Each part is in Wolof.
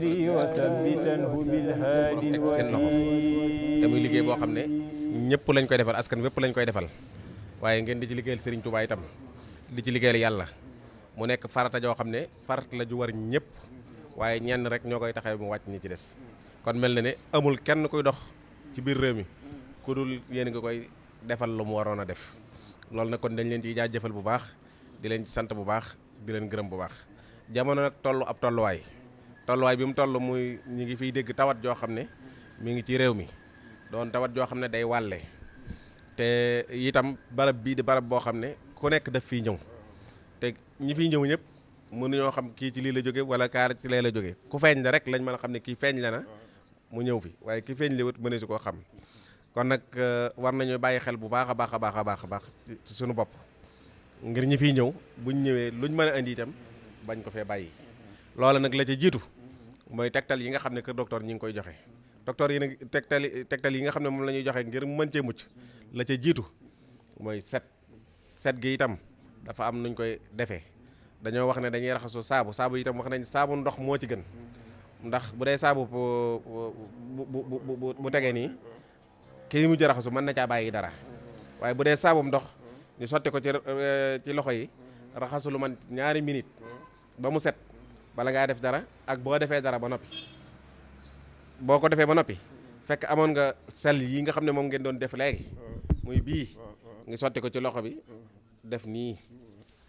seen loxo te muy liggéey boo xam ne ñëpp lañ koy defal askan wépp lañ koy defal waaye ngeen di ci liggéeyal Serigne Touba itam di ci liggéeyal yàlla mu nekk farata joo xam ne farat la ju war ñëpp waaye ñenn rek ñoo koy taxaw mu wàcc ñi ci des kon mel na ne amul kenn kuy dox ci biir réew mi ku dul yéen nga koy defal lu mu waroon a def loolu nag kon dañ leen ciy jaajëfal bu baax di leen ci sant bu baax di leen gërëm bu baax jamono nag tollu ab tolluwaay tolluwaay bi mu toll muy ñu ngi fiy dégg tawat joo xam ne mi ngi ci réew mi doon tawat joo xam ne day wàlle te itam barab bii di barab boo xam ne ku nekk daf fii ñëw te ñi fiy ñëw ñëpp mënuñoo xam kii ci lii la jóge wala kaar ci lee la jóge ku feeñ la rek lañ mën a xam ne kii feeñ la mu ñëw fi waaye ki feeñ liwut mëne si koo xam kon nag euh, war nañu bàyyi xel bu baax a a baax a baax a baax ci suñu bopp ngir ñi fiy ñëw buñ ñëwee luñ mën a indi itam bañ ko fee bàyyi loola nag la ci jiitu mooy tegtal yi nga xam ne kër docteur ñu ngi koy joxe docteur yi nag tegtal tegtal yi nga xam ne moom la ñuy joxe ngir mën cee mucc la ca jiitu mooy set set gi itam dafa am nuñ koy defee dañoo wax ne dañuy raxasoo saabu saabu itam wax nañ saabu ndox moo ci gën ndax bu dee saabu bu bu tegee nii kii mujj raxasu mën na caa bàyyi dara waaye bu dee saabum ndox ñu sotti ko ci eh, ci loxo yi raxasu lu man ñaari minute ba mu set bala ngaa def dara ak boo defee dara ba noppi boo ko defee ba noppi fekk amoon nga sel yi nga xam ne moom ngeen doon def léegi muy bii ngi sotti ko ci loxo bi def nii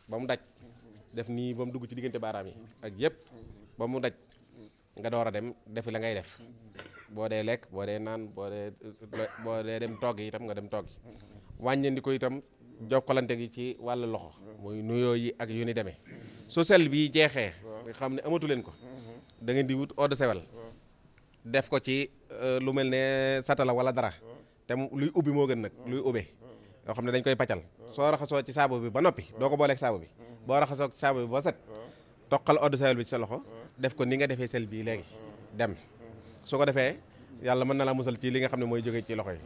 ba mu daj def nii ba mu dugg ci diggante baaraam yi ak yëpp ba mu daj nga door a dem defi la ngay def boo dee lekk boo dee naan boo dee dem dee dem togg itam nga dem togg wàññendi ko itam jokkalante gi ci wàll loxo muy nuyoo yi ak yu ni demee su sel bii jeexee nga xam ne amatu ko da ngeen di wut eau de sewel def ko ci euh, lu mel ne satala wala dara te luy ubbi moo gën nag luy ubbee yoo xam ne dañ koy paccal soo raxasoo ci saabu bi ba noppi doo ko booleeg saabu bi boo raxasoo ci saabu bi ba set toqal eau de sewel bi ci sa loxo def ko ni nga defee sel bii léegi dem su ko defee yàlla ma na laa musal ci li nga xam ne mooy jóge ci loxo yi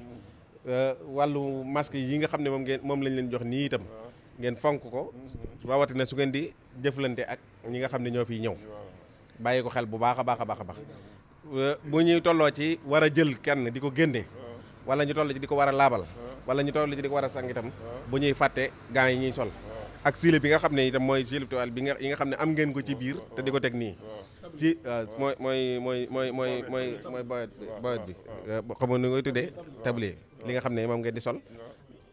euh, wàllu masque yi nga xam ne moom ngeen moom lañ leen jox nii itam ngeen fonk ko rawatina su ngeen di jëflante ak ñi nga xam ne ñoo fiy ñëw bàyyi ko xel bu baax a baax a baax a baax bu ñuy tolloo ci war a jël kenn di ko génne wala ñu toll ci di ko war a laabal wala ñu toll ci di ko war a sang itam bu ñuy fàtte gants yi ñuy sol ak siile bi nga xam ne itam mooy siile bi nga yi nga xam ne am ngeen ko ci biir te di ko teg nii si euh, mooy mooy mooy mooy mooy mooy mooy boyot boyot bi xamoon ni koy tuddee tablier li nga xam ne moom ngeen di sol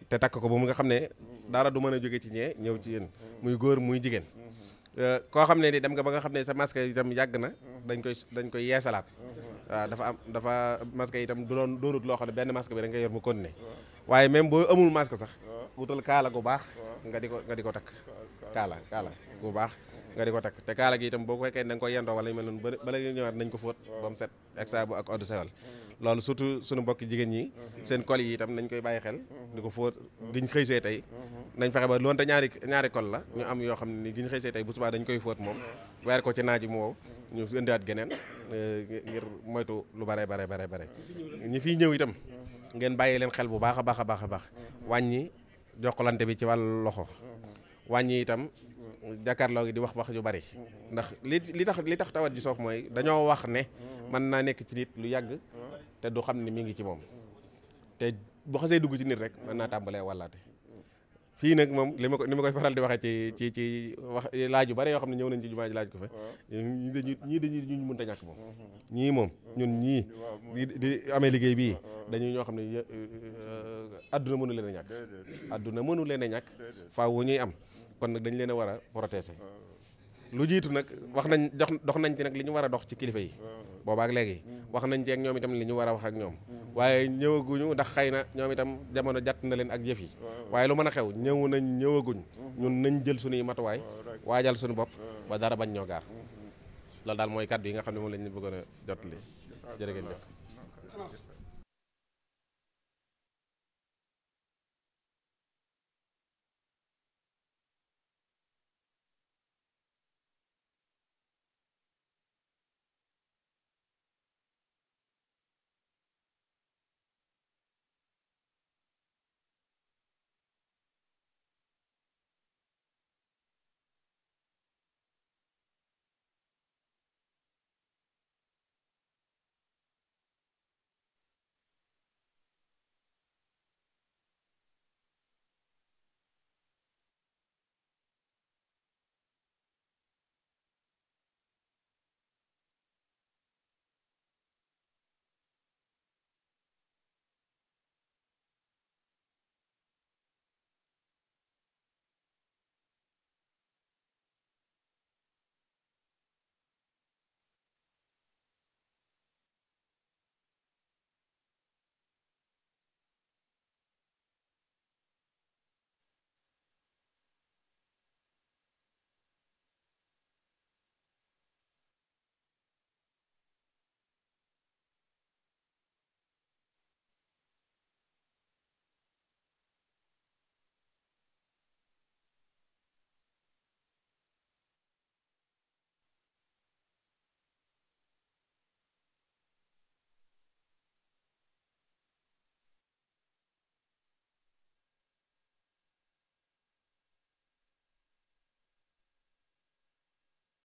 te takk ko ba mu nga xam ne dara du mën a jóge ci ñee ñëw ci mm-hmm. muy góor muy jigéen mm-hmm. Euh, koo xam ne ni dem nga ba nga xam ne sa masque itam yàgg na dañ koy dañ koy yeesalaat waaw dafa am dafa masque itam du doon doonut loo xam ne benn masque bi da nga yor mu continuer waaye même boo amul masque sax wutal kaala gu baax nga di ko nga di ko takk kaala kaala gu baax nga di ko takk te kaala gi itam boo ko fekkee da nga koy yendoo wala ñu mel noonu bala nga ñëwaat nañ ko fóot ba mu set ak saabu ak eau de Javel loolu surtout suñu mbokki jigéen ñi seen col yi itam nañ koy bàyyi xel di ko fóot giñ xëy see tey nañ fexe ba loonte ñaari ñaari col la ñu am yoo xam ne ni giñ xëy see tey bu subaa dañ koy fóot moom weer ko ci naaj mu wow ñu indiwaat geneen yi eh, moytu lu bare bare bare bare ñi fiy ñëw itam ngeen bàyyi leen xel bu baax a baax a baax a baax wàññi jokkalante bi ci wàllu loxo wàññi itam jàkkaarloo gi di wax wax yu bari ndax li li tax li tax tawat ji soof mooy dañoo wax ne mën naa nekk ci nit lu yàgg te du xam ne mi ngi ci moom te bu xasee dugg ci nit rek mën naa tàmbalee wallaate fii nag moom li ma ko li ma koy faral di waxee ci ci ci wax laaj yu bare yoo xam ne ñëw nañ ci jumaa ji laaj ko ñii dañuy ñii dañuy ñu mën moom mm-hmm. ñii moom ñun ñii di amee liggéey bii dañuy ñoo xam ne adduna mënu leen a ñàkk adduna mënu leen a ñàkk ñuy am kon nag dañ leen a war a protéger lu jiitu nag wax nañ dox dox nañ ci nag li ñu war a dox ci kilifa yi boobaak léegi mm-hmm. wax nañ ceeg ñoom itam li ñu war a wax ak ñoom mm-hmm. waaye ñëwaguñu ndax xëy na ñoom itam jamono jàtt na leen ak yëf yi waaye lu mën a xew ñëw nañ ñëwaguñ mm-hmm. ñun nañ jël suñuy matuwaay waajal suñu bopp ba dara bañ ñoo gaar loolu daal mooy kàddu yi nga xam ne moom lañ bëggoon a jot li jërëgeen jëf